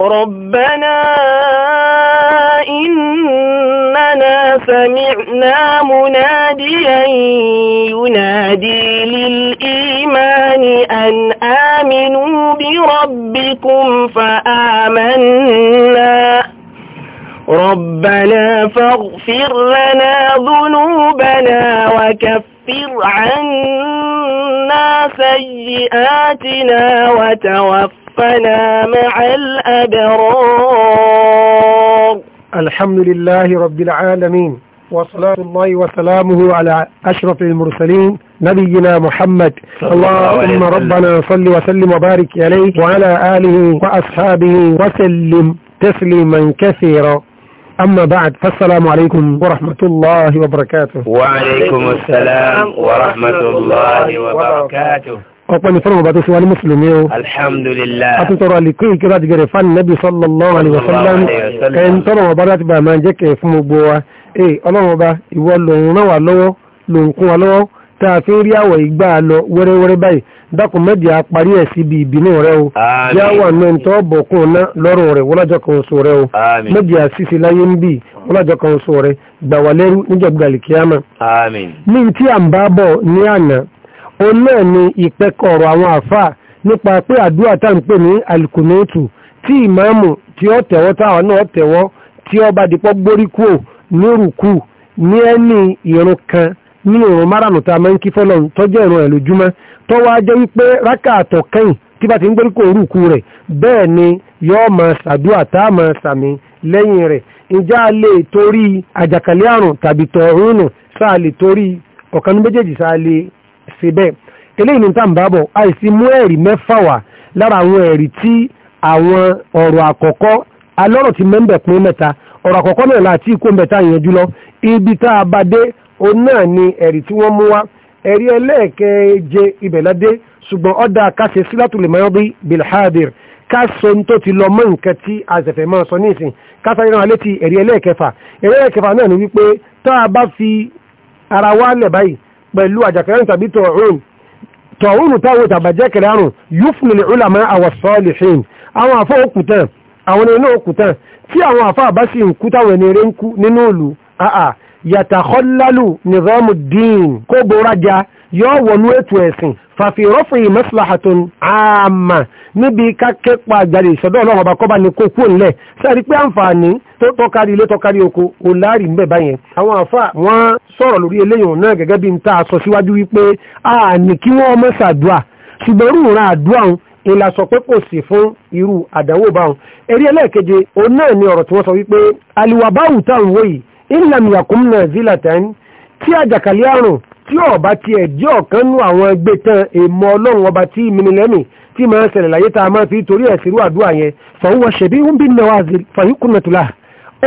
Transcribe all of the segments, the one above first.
ربنا إننا سمعنا مناديا ينادي للإيمان أن آمنوا بربكم فآمنا ربنا فاغفر لنا ذنوبنا وكفر عنا سيئاتنا وتوفر توفنا مع الأبرار الحمد لله رب العالمين وصلاة الله وسلامه على أشرف المرسلين نبينا محمد اللهم ربنا صل وسلم وبارك عليه وعلى آله وأصحابه وسلم تسليما كثيرا أما بعد فالسلام عليكم ورحمة الله وبركاته وعليكم السلام ورحمة الله وبركاته ọpẹ́ ní fọ́nà ọba tó ṣe wá ní mùsùlùmí o. alhamdulillah. a tún tọrọ àlìkú ìkíra ti gẹ̀rẹ̀ fáànì nẹ́bí sallallahu alaihi wasallam ẹni tọ́nà ọba láti bá máa jẹ́ kẹ̀ fún gbogbo wa. ee ọlọ́run ọba ìwọ lòun ràn wá lọ́wọ́ lòun kún wa lọ́wọ́ tá a fi ń rí àwọ̀ ìgbà lọ wẹ́rẹ́wẹ́rẹ́ báyìí dákun méjì á òun ni ìpẹ́kọ̀ọ̀rọ̀ àwọn àfáà nípa pé àdúrà tá à ń pè ní alikunotu tí ìmáàmù tí ó tẹ̀wọ́ táwọn náà tẹ̀wọ́ tí ó bá dipọ́ gbórí kúò nírùkù ní ẹni ìrun kan ní ìrun márùn-ún tá a máa ń kí fọ́lọ́run tọ́jọ́ ìrun ẹ̀ lójúmọ́ tó wá jẹ́ wípé rákà àtọ̀ tí bá ti ń gbórí kúò rẹ̀ bẹ́ẹ̀ ni yóò máa ṣàdúrà tá a máa ṣàmì lẹ́yìn rẹ̀ ìjà lè torí àjàkálẹ̀ àrùn tàbí tọ̀ọ̀rùn nù sáà lè torí ọ̀kanú méjèèjì sáà lè ṣe bẹ́ẹ̀ eléyìí ní tàǹbàbọ̀ àìsí mú ẹ̀rí mẹ́fà wá lára àwọn ẹ̀rí tí àwọn ọ̀rọ̀ àkọ́kọ́ alọ́rọ̀ ti mẹ́ńbẹ̀ pín mẹ́ta ọ̀rọ̀ àkọ́kọ́ náà láti ikú mẹ́ta yẹn jùlọ ibi tá a bá dé òun náà ni ẹ̀rí tí wọ́n mú wá ẹ̀rí ẹlẹ́ẹ̀kẹ́je ibẹ̀ládé ṣùgbọ́n ọ̀dà kásẹ̀ sílátùlẹ̀ mẹ́rọ́bí bilhadir káṣọ tó ti lọ mọ́ nǹkan tí a ṣẹ̀fẹ̀ máa sọ ni wípé tá a bá fi pẹ̀lú àjàkẹ́rẹ́ tàbí tọ̀hún tọ̀hún táwọn tàbàjẹ́kẹ̀rẹ́ àrùn yúfùnlẹ̀ ìlàmà àwọ̀sọ́lìṣìn àwọn àfọ́ òkùtàn àwọn inú òkùtàn tí àwọn àfọ́ àbá sí ń kú táwọn ẹni rẹ̀ ń kú nínú ìlú àà yàtàkọ́lálù nìrọ́mù dín kó bóra ja yóò wọnú ètò ẹ̀sìn fàfi rọ́fìn maslahatun àmà níbi kákẹ́pà àjàre ìṣọ́dọ̀ ọlọ́run ọba kọ́ba ní kókó ńlẹ̀ sẹ́ẹ̀rí pé àǹfààní tó tọ́kárí ilé tọ́kárí oko ò láàrí ń bẹ̀ báyẹn. àwọn àfa wọn sọ̀rọ̀ lórí eléyìí náà gẹ́gẹ́ bí n ta àsọ síwájú wípé a ní kí wọ́n mọ̀ sàdúà ṣùgbọ́n irú ìran àdúà òun ìlà tí ọba ti ẹ̀jẹ́ ọ̀kan nú àwọn ẹgbẹ́ tán èmọ ọlọ́run ọba tí ìmìnilẹ́mì tí máa ń ṣẹlẹ̀ láyé tá a máa fi torí ẹ̀sìrú àdúrà yẹn fọwọ́ ṣẹ̀bí ń bí nawazil fàyíkùnàtúlà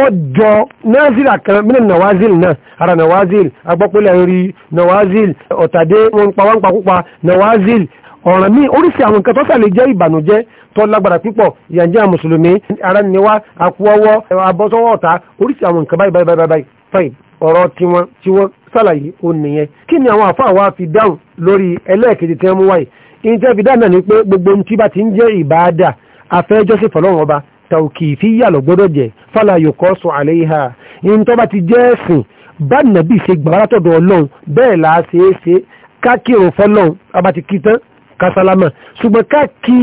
ọjọ́ nazil àkan mí nawazil náà ara nawazil agbọ́pẹ́lẹ̀ rí nawazil ọ̀tàdé wọn pa wọn pakúpa nawazil ọ̀ràn míì oríṣi àwọn nǹkan tó sàlẹ̀ jẹ́ ìbànújẹ́ tó lágbára pípọ̀ yànjẹ́ àmùsùlùmí ara níwá àkúọwọ́ abọ́sọ́wọ́ ọ̀tá oríṣi àwọn nǹkan báyìí báyìí báyìí báyìí ọ̀rọ̀ tiwọn tí wọ́n sàlàyé ó nìyẹn kí ni àwọn àfáà wa fi dáhùn lórí ẹlẹ́ẹ̀kejì tí wọ́n mú wáyé ìjẹ́ fi dáhùn náà ni pé gbogbo ohun tí bá ti ń jẹ́ ìbáadà afẹ́jọ́sí fọlọ́run ọba tàùkì fi yà lọ gbọ́dọ̀ jẹ́ fàlà yòókọ́ sọ àlẹ́ ìhà ìyẹn tó bá ti jẹ́ ẹ̀sìn bá nàbì ṣe gbà látọ̀dọ̀ ọlọ́run bẹ́ẹ̀ là á ṣe é ṣe kákìrò fọlọ́run ọba ti kí tán kásálámà ṣùgbọ́n káàkì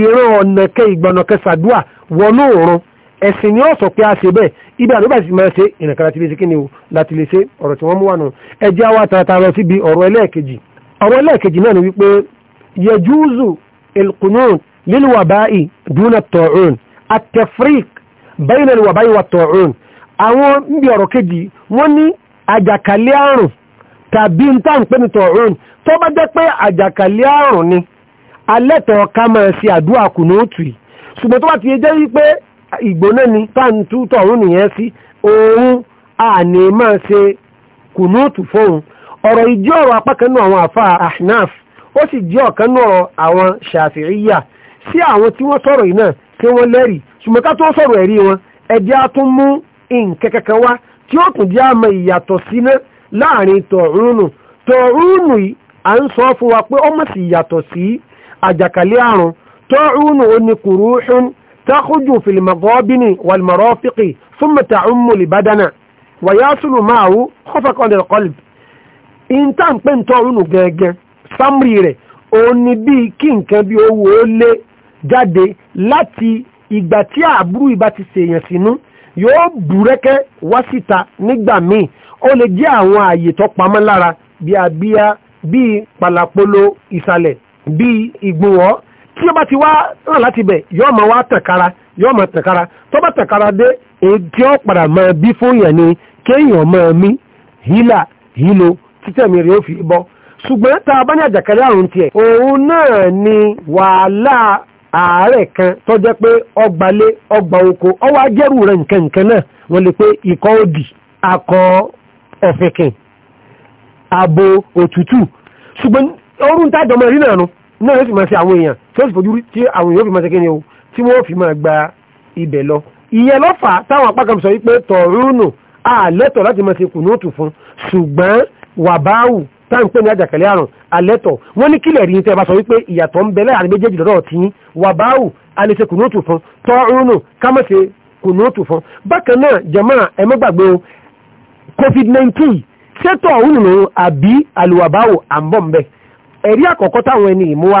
ìran ọ̀nà kẹ ìgbọ̀nà kẹsàdúà wọnú òrun ẹ̀sìn ni ó sọ pé a ṣe bẹ́ẹ̀ ibi àdúgbà sì máa ṣe ìrìnkàrà ti lè ṣe kí ni o láti lè ṣe ọ̀rọ̀ tí wọ́n mú wà nù ẹjẹ́ àwa tààtà lọ síbi ọ̀rọ̀ ẹlẹ́ẹ̀kejì ọ̀rọ̀ ẹlẹ́ẹ̀kejì náà ni wípé yẹjúùzù ilkunun lílùwàbáì dúnà wà kejì ni pé ìgbóná ni táǹtú tọ̀hún nìyẹn sí òun àní máa ṣe kùnúùtù fóun ọ̀rọ̀ ìjọ ọ̀rọ̀ apákanú àwọn àfa ahnaf ó sì jẹ́ ọ̀kan náà àwọn ṣàfihíyà sí àwọn tí wọ́n sọ̀rọ̀ yìí tí wọ́n lẹ́rìí ṣùgbọ́n tó sọ̀rọ̀ ẹ̀rí wọn ẹ̀dí á tún mú nǹkan kankan wá tí ó tún jẹ́ àmọ́ ìyàtọ̀ síná láàrin tọ̀rúnù tọ̀rúnù à ń sọ fún wa pé ó mọ̀ sí ìyàtọ̀ sí àjàkálẹ̀ تخرج في المضابن والمرافق ثم تعم البدن ويصل معه خفق عند القلب in tá ń pè ń tọrùn gangan sámrì rẹ̀ òun ni bíi kí nǹkan bí owó ó lé jáde láti ìgbà tí àbúrú ìbá ti ṣèyàn sínú yóò búrẹ́kẹ́ wá síta nígbà míì ó lè jẹ́ àwọn ààyè tó pamọ́ lára bíi abíyá bíi pàlàpolo ìsàlẹ̀ bíi ìgbọ̀nwọ́ tí ó bá ti wá hàn láti bẹ̀ yóò máa wá tàkàrà yóò máa tàkàrà tó bá tàkàrà dé èdè ó padà máa bí fún yàn ni kéèyàn máa mí hílà hílo títẹ̀mí rẹ̀ ó fi bọ́ ṣùgbọ́n tá bá ní àjàkálẹ̀ àrùn tiẹ̀ òun náà ni wàhálà ààrẹ kan tó jẹ́ pé ọgbàlé ọgbà oko ọwọ́ ajẹ́rù rẹ̀ nkẹ̀nkẹ̀ náà wọ́n lè pé ikọ́ òdì akọ ọ̀fìnkìn abo òtútù ṣùgbọ́n orun tájọmọ ìrìnà nu náà yóò sì máa ṣe àwọn èèyàn tí ó sì fojú tí àwọn èèyàn fi máa ṣẹ́kẹ́ ni o tí wọ́n fi máa gba ibẹ̀ lọ ìyẹn ló fà táwọn apá kan sọ wípé tọ̀rúnù àlẹ́tọ̀ láti máa ṣe kùnúùtù fún ṣùgbọ́n wàbáwù táǹpẹ́ ní àjàkálẹ̀ àrùn alẹ́tọ̀ wọ́n ní kílẹ̀ rí tẹ́ bá sọ wípé ìyàtọ̀ ń bẹ láàrin méjèèjì lọ́dọ̀ tí wàbáwù alẹ́ṣe kùnúùtù fún tọ́rùnù kámẹ́ṣe kùnúùtù fún bákan náà jàmáà ẹ má gbàgbé o covid-19 ṣé tọ̀rùnù àbí àlùwàbáwù àmbọ̀m̀bẹ̀ ẹ̀rí àkọ́kọ́ táwọn ẹni ìmúwa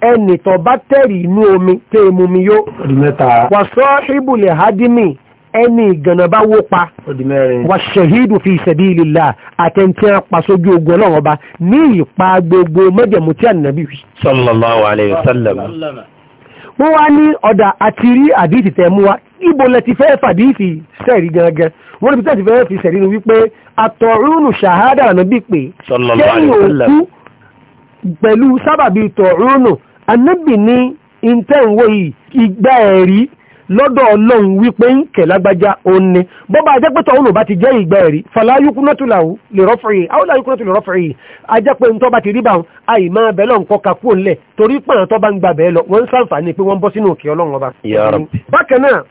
ẹnì tó bá tẹ̀rì omi tẹ́ emu yó. hadimi ẹni ìgànnà wó pa. wà ṣẹ̀hídù fi sójú ogun ọlọ́run ọba ní ìpa gbogbo mẹ́jẹ̀mú tí ànábì wí. sallallahu alayhi wa sallam. wọ́n wá ní ọ̀dà àti rí àdìsí tẹ̀ mú wa ibo lẹ ti fẹ́ fàdíìsì sẹ́ẹ̀rí gangan wọ́n fẹ́ fi sẹ̀rí ni wípé àtọ̀rúnù ṣàhádà ànábì pé kẹ́yìn anábì ní ìtẹ̀wò yìí ìgbà ẹ̀rí lọ́dọ̀ ọlọ́run wípé ń kẹ̀ lágbájá òní bọ́bá ajẹ́pẹ́tọ̀ òun bá ti jẹ́ ìgbà ẹ̀rí fàláyúkúnátùláwù lè rọ́fìrì àwòláyúkúnátù lè rọ́fìrì ajẹ́pẹ́ ntọ́ bá ti rí báwọn àìmọ́ abẹ́ lọ́n kọ́ ka kúrò ńlẹ̀ torí pọ̀n tó bá ń gbà bẹ́ẹ̀ lọ wọ́n ń sàǹfààní pé wọ́n bọ́ sínú òkè ọlọ́run ọba. bákan náà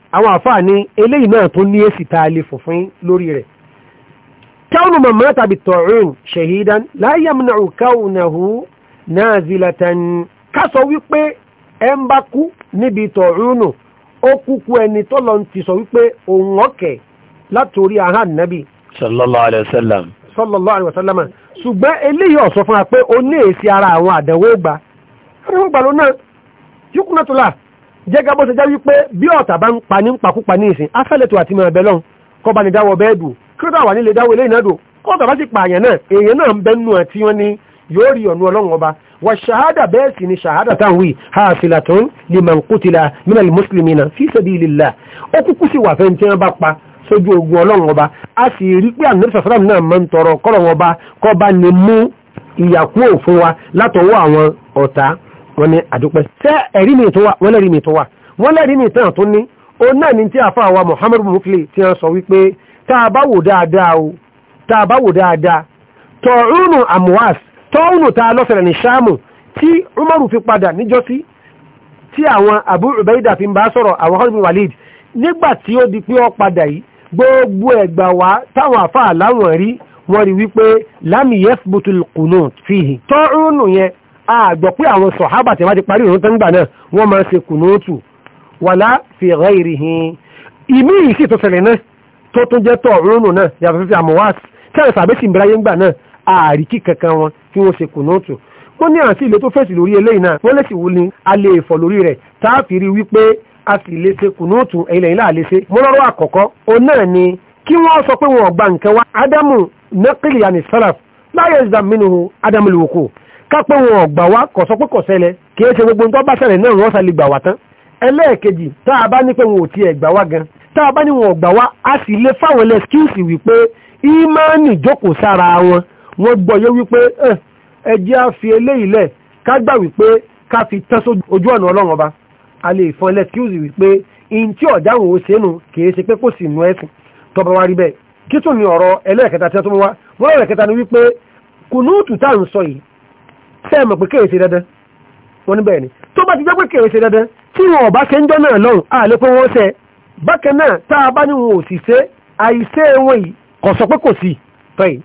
àwọn àfààní ká sọ wípé ẹ ń bá kú níbi tọ̀rúnù ó kúkú ẹni tọ́lọ ti sọ wípé òun ọ̀kẹ́ látòrí ahán nàbì. sallallahu alayhi wa sallallahu alayhi wa sallam ṣùgbọ́n eléyìí ọ̀sọ́ fún wa pé ó ní èsì ara àwọn àdánwò gbà àdánwò gbà lónà yókùnà tó là jẹ́gà bó ṣe jẹ́ wípé bí ọ̀tà bá ń pa ní pakúpa ní ìsìn afẹ́lẹ̀tò àti mọ̀ ẹ̀bẹ̀ lọ́n kọ́ bá ní dáwọ́ bẹ́ẹ̀ dùn kí ó dáwọ́ nílé dáwọ́ ilé ìnádò kọ́ ọ̀tà bá sì pààyàn náà èèyàn náà ń bẹ́nu àti wọn ni yóò rí ọ̀nù ọlọ́run ọba والشهادة باسن شهادة تنوي حافلة لمن قتل من المسلمين في سبيل الله أكوكسي وفنتين بقى sójú ogun ọlọ́run ọba a sì rí pé ànírìsà sọ́dọ̀ náà máa ń tọrọ kọ́lọ̀wọ́ ọba kọ́ bá ní mú ìyàkú òfin wa látọwọ́ àwọn ọ̀tá wọn ni àdúpẹ́ ṣé ẹ̀rí mi tó wà wọ́n lẹ́rí mi tó wà wọ́n lẹ́rí mi tán náà ní tí àfa àwa Muhammadu bá wò bá wò dáadáa tọ̀rùnù tọ́ọ̀nù ta lọ́sẹ̀rẹ̀ ní ṣáàmù tí umaru fi padà níjọ́sí tí àwọn abu ubaida fi ń bá sọ̀rọ̀ àwọn khalid bin walid nígbà tí ó di pé ó padà yìí gbogbo ẹ̀gbà wá táwọn àfa àláwọ̀n rí wọ́n rí wípé lam yathbutul qunut fihi tọ́ọ̀nù náà yàtọ̀ sí àmọ́wá tí àwọn sàbẹ́sì ń bẹ̀rẹ̀ náà àríkì kankan wọn kí wọ́n ṣe kùnúùtù wọ́n ní àǹtí ìlé tó fèsì lórí eléyìí náà wọ́n lẹ́sì wù ní alẹ́ ìfọ̀ lórí rẹ̀ táàfìrí wípé a sì lè ṣe kùnúùtù ẹ̀yìnlẹ̀ ìlà àlẹ́ ṣe mọ́lọ́rọ́ àkọ́kọ́ òun náà ni kí wọ́n sọ pé wọ́n gba nǹkan wá ádámù nọ́kìlì àní sálàf láyé ìzàmínú ádámù lòókù kápẹ́ wọn ọ̀gbà wá kò sọ pé kò ṣẹlẹ̀ kì í ṣe gbogbo nǹkan bá ṣẹlẹ̀ náà wọ́n ṣàlè gbà wá tán ẹlẹ́ẹ̀kejì tá a bá ní pé wọn ò tiẹ̀ gbà wá gan tá a bá ní wọn ọ̀gbà wá a sì lè fáwọn ẹlẹ́skíùsì wípé ìmánì jókòó sára wọn wọ́n gbọ́ yé wípé eh, ẹ jẹ́ á fi eléyìí lẹ̀ ká gbà wípé ká fi tẹ́ ojú ọ̀nà ọlọ́run ọba a lè fọn lẹ́kíùsì wípé in tí ọ̀dá òun ṣe nù kìí ṣe pé kò sì nú ẹ̀sìn tọba wa rí bẹ́ẹ̀ kí tún ni ọ̀rọ̀ ẹlẹ́ẹ̀kẹta tí wọ́n tó mú wá wọ́n ẹlẹ́ẹ̀kẹta ni wípé kùnúùtù tá à ń sọ yìí tẹ́ ẹ̀ mọ̀ pé kìí ṣe dandan wọn ní bẹ́ẹ̀ ni tó bá ti jẹ́ pé kìí ṣe dandan tí wọn ọ̀bá ṣe ń jọ́ náà lọ́rùn á pé wọ́n ṣe bákan náà tá a bá ní wọn ò sì ṣe àìṣe wọn yìí kò sọ pé kò sí tọ́yì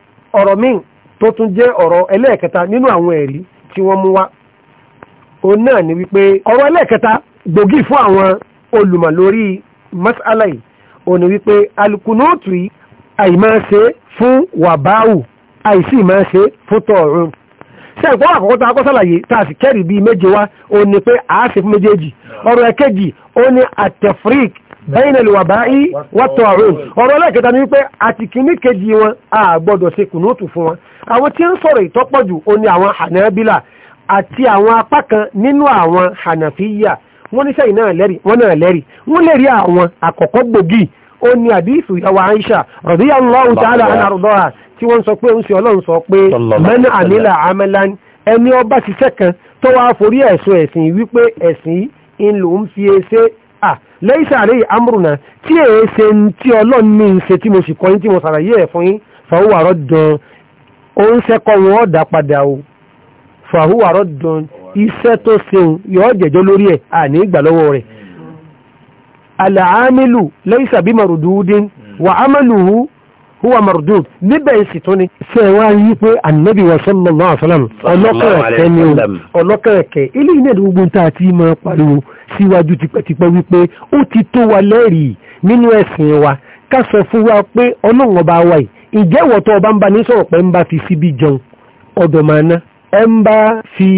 ọ̀rọ̀ míì tó tún jẹ́ ọ̀rọ̀ ẹlẹ́ẹ̀kẹta nínú àwọn ẹ̀rí tí wọ́n mú wá òun náà ni wípé ọ̀rọ̀ ẹlẹ́ẹ̀kẹta gbòógì fún àwọn olùmọ̀ lórí masala yìí òun ni wípé alukunóòtù yìí àìmáa ṣe fún wàbáwù àìsí máa ṣe fún tọ̀ọ̀rùn ṣe ìpọ́n àkọ́kọ́ tó akọ́sàlàyé tá a sì kẹ́rì bíi méje wá òun ni pé àá fún méjèèjì ọ̀rọ̀ ẹ̀kejì ó ní àtẹ̀fríkì bẹ́yìn ẹlùwà báyìí wọ́tọ̀ àrùn ọ̀rọ̀ ọlọ́ẹ̀kẹta ni wípé àti kìíní kejì wọn a gbọ́dọ̀ ṣe kùnúùtù fún wọn àwọn tí ń sọ̀rọ̀ ìtọ́pọ̀jù ó ní àwọn hànàbílà àti àwọn apá kan nínú àwọn hànàfíyà wọ́n ní sẹ́yìn náà lẹ́rì wọ́n náà lẹ́rì wọ́n lè rí àwọn àkọ́kọ́ gbòógì ó ní àdífù ìyàwó Aisha radiyallahu ta'ala ń ṣe lẹ́yìn àlẹ́ àmúrùnà tí èé ṣe tí ọlọ́run ní í ṣe tí mo sì kọyín tí mo ṣàlàyé ẹ̀ fún yín fàhùwàrọ̀ dán ó ń ṣẹ́kọ̀ wọn ọ̀dà padà o fàhùwàrọ̀ dán iṣẹ́ tó ṣeun yọ jẹ̀jọ́ lórí ẹ̀ àní ìgbà rẹ̀ àlàámìlù lẹ́yìn sàbímọ̀rùdúdín wà huwa mardud níbẹ̀ ìsì tó ni ṣe wá yí pé annabi wa sallallahu alaihi wasallam ọlọ́kẹ̀ẹ̀kẹ́ ni ọlọ́kẹ̀ẹ̀kẹ́ ilé iná ìdí gbogbo tá a ti máa pariwo síwájú tipẹ́tipẹ́ wípé ó ti tó wa lẹ́rìí nínú ẹ̀sìn wa ká sọ fún wa pé ọlọ́run ọba wa yìí ìjẹ́ ìwọ̀ tó ọba ń ba ní sọ̀rọ̀ pé ń bá fi síbi jẹun ọ̀dọ̀ ẹ ń bá fi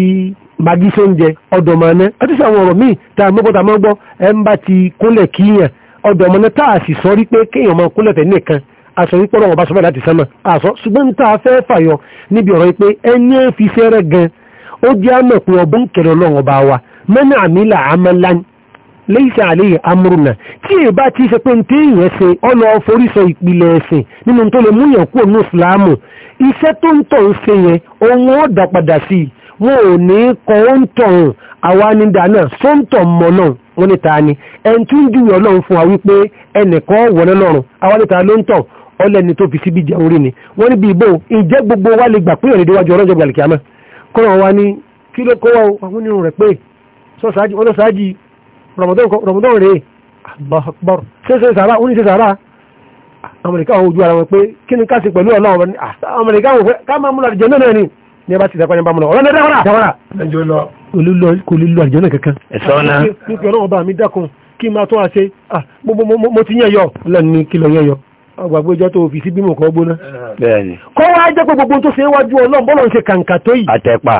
magi sóúnjẹ ọ̀dọ̀ aṣọ wípọ́ lọ́wọ́ bá sọ bẹ́ẹ̀ láti sánmà àṣọ ṣùgbọ́n tá a fẹ́ fàyọ níbi ọ̀rọ̀ pé ẹni fi fẹ́rẹ̀ gan ó jẹ́ àmọ̀ pé ọbọ̀ ń kẹrẹ ọlọ́wọ́ bá wa mẹ́nà àmìlà amalan lẹ́yìn àlẹ́ amúrùnà tí èyí bá ti ṣe pé ń tí ìyẹn ṣe ọlọ́ foríṣọ ìpìlẹ̀ ẹ̀sìn nínú tó lè múyàn kúrò ní ìsìláàmù iṣẹ́ tó ń tọ̀ ń ṣe yẹn òun ó dà padà sí i wọn ò ní kọ́ ó ń tọ̀ ọ̀hún àwa ní dáná sóńtọ̀ mọ́ náà wọ́n ní ta ni ẹni tí ń júwe ọlọ́run fún wa wípé ẹnìkan wọlé lọ́rùn àwa ní ta ló ń tọ̀ ọlẹ́ni tó fi síbi jẹun rí ni wọ́n níbi ìbò ìjẹ́ gbogbo wa lè gbà pé ọ̀rẹ́dẹ́ wájú ọlọ́jọ́ gbàlẹ̀ kìámẹ́ kọ́nà wa ní kí ló kọ́ wọn nínú rẹ̀ pé sọ́sáájì Ramadan rẹ̀ àgbàkbar ṣẹ́ṣẹ́ sàrà ó ní ṣe sàrà Amẹ́ríkà wọn ojú ara wọn pé kí ni ká ṣe pẹ̀lú ọlọ́run ah, Amẹ́ríkà wọn ká máa múlò ni ní ẹ bá ti dàpọ̀ ní bá múlò ọ̀rọ̀ dáwọ́rà dáwọ́rà kò lè lo àdìjọ náà kankan. ẹ̀sọ́ náà. kí ọlọ́run bá ah, mo ti yẹn yọ ọlọ́run ní lọ ọgbàgbé ọjọ́ tó fi sí bímọ kan gbóná. bẹ́ẹ̀ni. kọ́ wá jẹ́ pé gbogbo tó ṣe é wájú ọlọ́run bọ́lọ̀ ń ṣe kàǹkà tó yìí. àtẹ̀pà.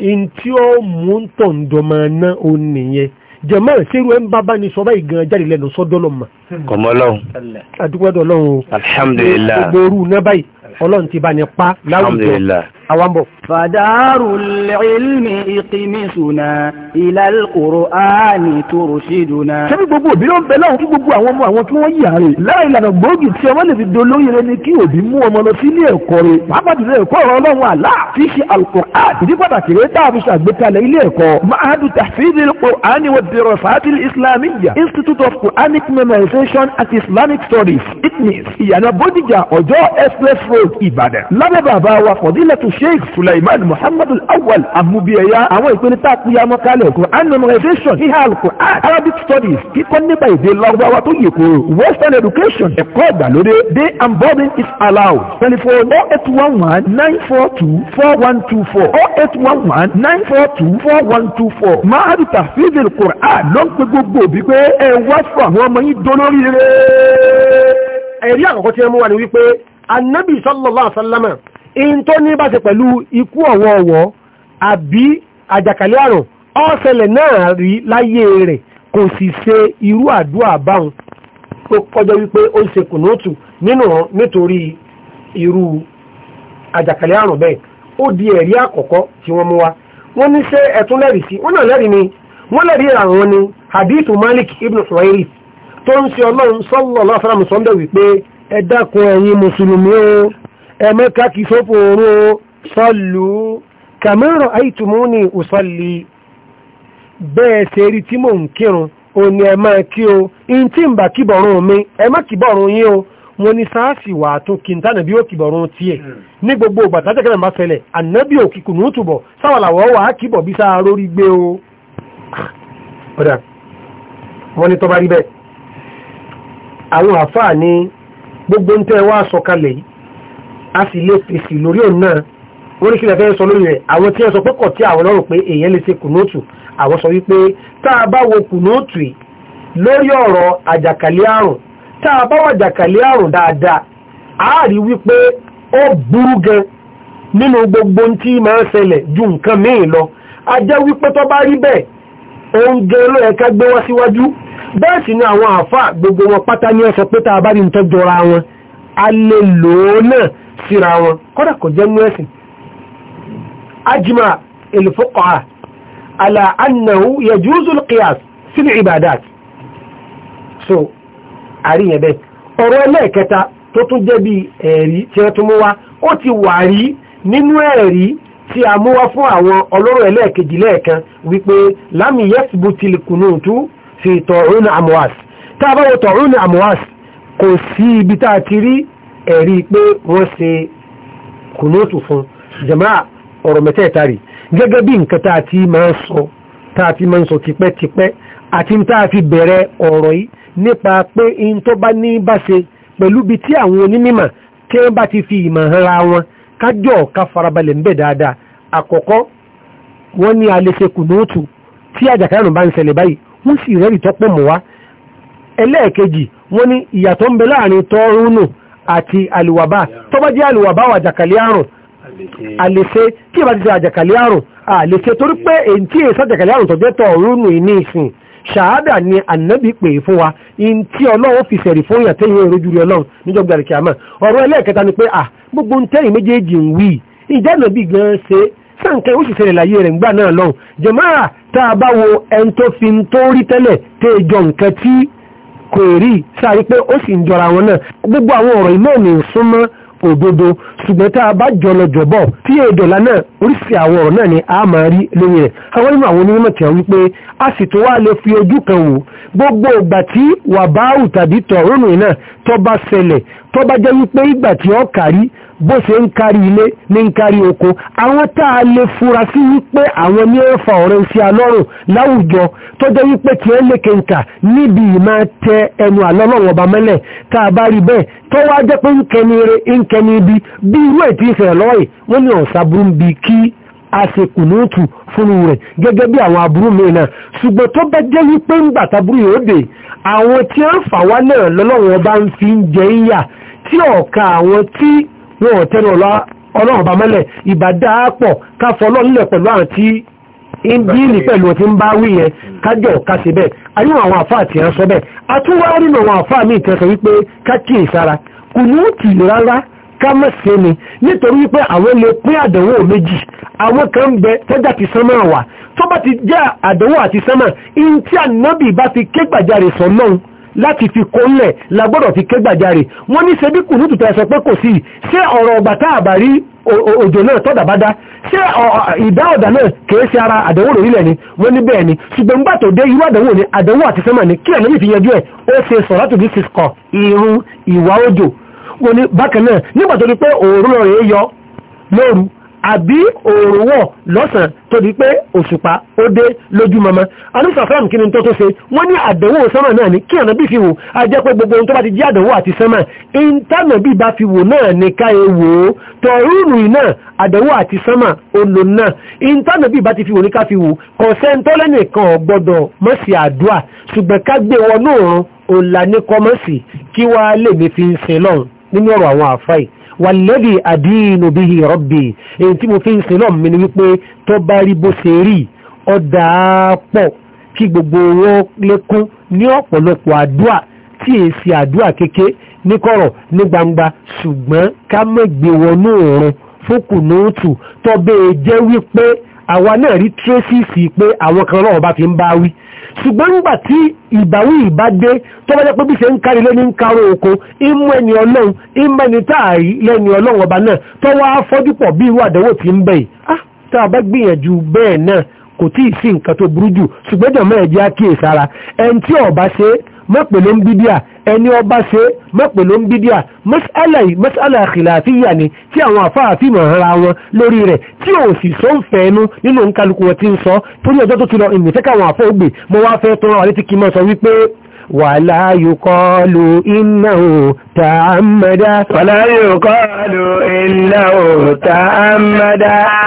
n tí ó mú ń tọ̀ dọ̀mọ̀ ná o nìyẹn jẹ̀mọ́ ìṣerú ẹ̀ ń bábá ni sọ báyìí gan jáde lẹ́nu sọ́dọ́ lọ mà. kọ̀mọ́lọ́hún. àdúgbò ọlọ́run o. alhamdulilayi. gbogbo orú náà báyìí ọlọ́run ti bá ní pa láwùjọ awambo. fadaru ilmi iqimisuna ilal qur'ani turshiduna. sẹ́ni gbogbo òbí ló ń bẹ láwọn kí gbogbo àwọn ọmọ àwọn tí wọ́n yà rè láì lànà gbòógì tí ọmọ lè fi dolóyè rẹ ni kí òbí mú ọmọ lọ sí ilé ẹ̀kọ́ rẹ pàápàá jùlọ ẹ̀kọ́ ọ̀rọ̀ ọlọ́run àlá fi ṣe alukur'an ìdí pàtàkì rẹ tá a fi ṣàgbékalẹ̀ ilé ẹ̀kọ́ mahadu tahfidhi qur'ani wa dirasati islamiyya institute of quranic memorization and islamic studies itnis ìyànà bódìjà ọjọ́ express road ìbàdàn lábẹ́ bàbá wa fọ̀dílẹ̀ tó sheikh sulaiman muhammad awal amubiyaya àwọn ìpele tá a pè ya mọ́kálẹ̀ quran memorization híhá alukur'an arabic studies kíkọ́ nípa èdè lọ́gbàwá tó yẹ kóró western education ẹ̀kọ́ ìgbàlódé day and boarding is allowed telephone oh eight one one nine four two four one two four oh eight one one nine four two four one two four mahadu tafizil quran ló ń pe gbogbo òbí pé ẹ wá fún àwọn ọmọ yín dolóríire. ẹ̀rí àkọ́kọ́ tí wọ́n mú wa ni wípé anabi sallallahu alayhi wa sallam in tó ní bá se pẹ̀lú ikú ọ̀wọ̀ọ̀wọ́ àbí àjàkálẹ̀ àrùn ọ̀sẹ̀lẹ̀ náà rí láyé rẹ̀ kò sì ṣe irú àdúrà báhùn tó kọjọ́ wípé ó ṣe kùnóòtù nínú nítorí irú àjàkálẹ̀ àrùn bẹ́ẹ̀ ó di ẹ̀rí àkọ́kọ́ tí wọ́n mú wa wọ́n ní ṣé ẹ̀tún lẹ́rìí sí wọ́n náà lẹ́rìí ni wọ́n lẹ́rìí àwọn ni hadithu Malik ibn Suwairi tó ń ṣe ọlọ́run sallallahu alaihi sọ́ndẹ̀ wípé ẹ dákun ẹ̀yin ẹ̀mẹ́ka kì sófò oòrùn o sọ́lù kàmíràn àìtùmúnì òsọ́lì bẹ́ẹ̀ ṣe rí tí mò ń kírun o ní ẹ máa kí o in tí ń bà kíbọ̀rún mi ẹ má kíbọ̀rún yín o wọn ni sáàsì wà tún kí n tánàbí ó kíbọ̀rún tiẹ̀ ní gbogbo ìgbà tájẹ́ gbogbo ń tẹ́ wá sọ̀kalẹ̀ yìí a sì lè fèsì lórí òun náà wọ́n ní kí lẹ́fẹ́ sọ lórí rẹ̀ àwọn tí ẹ sọ pé kọ̀ tí àwọn lọ́rùn pé èèyàn lè ṣe kùnóòtù àwọn sọ wípé tá a bá wo kùnóòtù lórí ọ̀rọ̀ àjàkálẹ̀ àrùn tá a bá wo àjàkálẹ̀ àrùn dáadáa a rí wípé ó burú gan nínú gbogbo tí máa ń ṣẹlẹ̀ ju nǹkan míì lọ a jẹ́ wípé tó bá rí bẹ́ẹ̀ òun gan ló yẹ ká gbé wá síwájú bẹ́ẹ̀ sì ni àwọn àáfàá gbogbo wọn pátá ní ẹsẹ̀ pé tá a bá rí nǹkan jọra wọn a lè lò ó náà síra wọn kọ́dà kò jẹ́ nú ẹ̀sìn ajima ilfuqa ala annahu yajuzu alqiyas fil ibadat so àríyàn bẹ́ẹ̀ ọ̀rọ̀ ẹlẹ́ẹ̀kẹta tó tún jẹ́ bí ẹ̀rí tí wọ́n tún mú wá ó ti wà rí nínú ẹ̀rí tí a mú wá fún àwọn ọlọ́rọ̀ ẹlẹ́ẹ̀kejì lẹ́ẹ̀kan wípé lámì fi tọ̀rún àmúwàs tá a bá wo tọ̀rún àmúwàs kò ẹ̀rí pé wọ́n ṣe kùnóòtù fún jama'a ọ̀rọ̀ mẹ́tẹ̀ẹ̀ta rí gẹ́gẹ́ bí nǹkan tá a ti máa ń sọ tá a ti máa ń sọ tipẹ́tipẹ́ àti tá a fi bẹ̀rẹ̀ ọ̀rọ̀ yìí nípa pé in tó bá ní bá ṣe pẹ̀lú bí tí àwọn onímọ̀ tí wọ́n bá ti fi ìmọ̀ hanra wọn kájọ̀ ká farabalẹ̀ ń bẹ̀ dáadáa àkọ́kọ́ wọ́n ní a lè ṣe tí àjàkálẹ̀ bá ń ṣẹlẹ̀ báyìí wọ́n sì rẹ́rìí tọ́pọ̀ mọ́ wá ẹlẹ́ẹ̀kejì wọ́n ní ìyàtọ̀ ń bẹ láàrin tọ́rùnù àti àlùwàbá tó bá jẹ́ àlùwàbá wà àjàkálẹ̀ àrùn àlèṣe kí ìbá ti ṣe àjàkálẹ̀ àrùn àlèṣe torí pé èyí tí èsì àjàkálẹ̀ àrùn tó jẹ́ tọ̀ ní ìsìn ṣàádà ni ànábì pè fún wa in tí ọlọ́run fi sẹ̀rì fún ìyàn tẹ́yìn ojú rí ọlọ́run níjọ́ gbàrẹ̀ kìámà ọ̀rọ̀ ẹlẹ́ẹ̀kẹta ni pé à gbogbo ń tẹ́yìn méjèèjì ń wí ìjà ànábì gan ṣe sáǹkẹ́ ó sì ṣẹlẹ̀ láyé rẹ̀ ńgbà náà lọ́hùn jẹ̀máà tá a bá wo ẹni tó fi ń tó rí tẹ́lẹ̀ tẹ́ ìjọ nǹkan tí kò rí sáré pé ó sì ń jọra wọn náà gbogbo àwọn ọ̀rọ̀ iná ní súnmọ́ òdodo ṣùgbọ́n tá a bá jọlọ jọ̀bọ̀ tí èdòlá náà oríṣi àwọn ọ̀rọ̀ náà ni a máa rí lórí rẹ̀ àwọn nínú àwọn onímọ̀ tí a wípé a sì tó wá lè fi ojú kan wò gbogbo ìgbà tí wàbáwù tàbí tọ̀rọ̀nù náà tó bá ṣẹlẹ̀ tó bá jẹ́ wípé ìgbà tí ó kárí bó ṣe ń kárí ilé ní ń kárí oko àwọn tá a lè fura sí wípé àwọn ní ẹ̀fà ọ̀rẹ́ sí alọ́rùn láwùjọ tó jẹ́ wípé tí ẹ lè kẹǹkà níbi ìmá tẹ ẹnu àlọ́lọ́wọ̀ ọba mẹ́lẹ̀ tá a bá rí bẹ́ẹ̀ tó wá jẹ́ pé ń kẹni eré ń kẹni ibi bí irú ẹ̀ tí ń fẹ̀rẹ̀ lọ́ọ̀ì wọ́n ní ọ̀sà burú bí kí a ṣe kùnúùtù fúnnu rẹ̀ gẹ́gẹ́ bí àwọn aburú mìíràn náà ṣùgbọ́n tó bá jẹ́ wípé ń gbàtàbúrú yóò dé àwọn tí ń fà wá náà lọ́lọ́wọ́ bá ń fi ń jẹ ń yà tí ọ̀ka àwọn tí wọn ò tẹ́lẹ̀ ọlọ́run bá mẹ́lẹ̀ ìbádáápọ̀ káfọ́ ọlọ́run pẹ̀lú àwọn tí pẹ̀lú ti ń bá wí yẹn bẹ́ẹ̀ ayé àwọn ti hàn sọ bẹ́ẹ̀ àwọn mi wípé ìsára kò ní ó tì rárá ká mọ̀ sí ni nítorí wípé àwọn ń bẹ tẹ́jà ti sánmà wà tó bá ti jẹ́ àdánwò àti tí bá fi láti fi kólẹ̀ lagbọ́dọ̀ fi kégbàjarè wọ́n ní ṣebí kùnú tuntun ẹ̀sọ pé kò sí ṣé ọ̀rọ̀ ọ̀gbà tá àbárí òjò náà tọ́dà bá dá ṣé ìdá ọ̀dà náà kìí ṣe ara àdánwò lórílẹ̀ ni wọ́n ní bẹ́ẹ̀ ni ṣùgbọ́n nígbà tó dé irú àdánwò ni àdánwò àti sẹ́mà ni kí ẹ̀nàmì fi yanjú ẹ̀ ó ṣe sọ̀rọ̀ tó bí ti kọ̀ irun ìwà òjò wọ́n ní bákan náà nígbà tó di pé òórùn rẹ̀ yọ lóru àbí òòrùn wọ̀ lọ́sàn tó di pé òṣùpá ó dé lójú mọ́mọ́ anúsàfẹ́m kí ni tó tó ṣe wọ́n ní àdánwò sánmà náà ni kí ọ̀nà bí fi wò a jẹ́ pé gbogbo ohun tó bá ti jẹ́ àdánwò àti sánmà ìntànà bí bá fi wò náà ni ká ẹ e wò ó tọ̀rùnù náà àdánwò àti sánmà olò náà ìntànà bí bá ti fi wò ní ká fi wò kọ̀sẹ́ntọ́lẹ́nì kan gbọ́dọ̀ mọ́sí àdúà ṣùgbọ́n ká gbé wọn náà wàlẹ́bì àdínú bí i rọ́bì èyí tí mo fi ń sin náà mi ni wípé tó bá rí bó ṣe rí ọ̀dà pọ̀ kí gbogbo wọn lékún ní ọ̀pọ̀lọpọ̀ àdúà tí èyí ṣe àdúà kéke ní ní gbangba ṣùgbọ́n ká má wọnú òòrùn fókùnúùtù tó bẹ́ẹ̀ jẹ́ wípé àwa náà rí tírésìsì pé àwọn kan náà bá fi ń bá wí ṣùgbọ́n nígbà tí ìbáwí gbé tó bá jẹ́ pé bí ṣe ń kárí lẹ́ni ń oko ìmú ẹni ọlọ́run ìmú ẹni táàrí lẹ́ni ọlọ́run ọba náà tó wá fọ́jú pọ̀ bí irú àdánwò ti ń bẹ̀ yìí ah tá a bá gbìyànjú bẹ́ẹ̀ náà kò tí ì sí nǹkan ọba ṣe mọ́pẹ̀ló ń bídíà ẹni ọba ṣe mọ́pẹ̀ló ń bídíà mọ́sálà khilafiyya ni tí àwọn àfáàfin ọ̀rọ̀ wọn lórí rẹ̀ tí ò sì sọ ń fẹ́ ẹnu nínú nkálukú wọn ti ń sọ torí ọjọ́ tó ti lọ ìmìtẹ́kà àwọn àfọ́ ògbè mo wá fẹ́ tọrọ àlétí kí mọ́ sọ wípé ولا يقال إنه تعمد ولا يقال إنه تعمد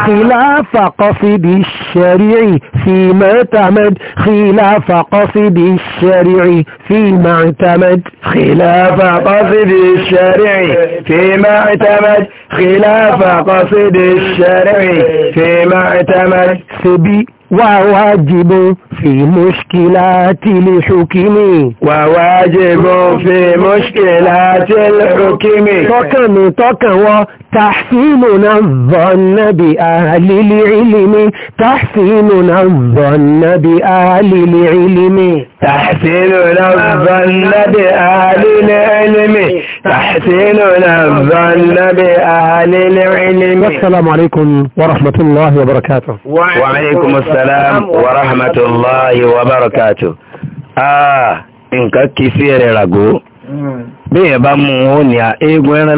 خلاف قصد الشريع فيما اعتمد خلاف قصد الشريع فيما اعتمد خلاف قصد الشريع فيما اعتمد خلاف قصد الشريع فيما اعتمد سبي وواجبوا في مشكلات الحكم وواجبوا في مشكلات الحكم تكن تكن تحسيننا الظن بأهل العلم تحسيننا الظن بأهل العلم تحسيننا الظن بأهل العلم تحسنون الظن بأهل العلم السلام عليكم ورحمة الله وبركاته وعليكم السلام ورحمة الله وبركاته آه إنك كثير رجو bí ẹ̀ bá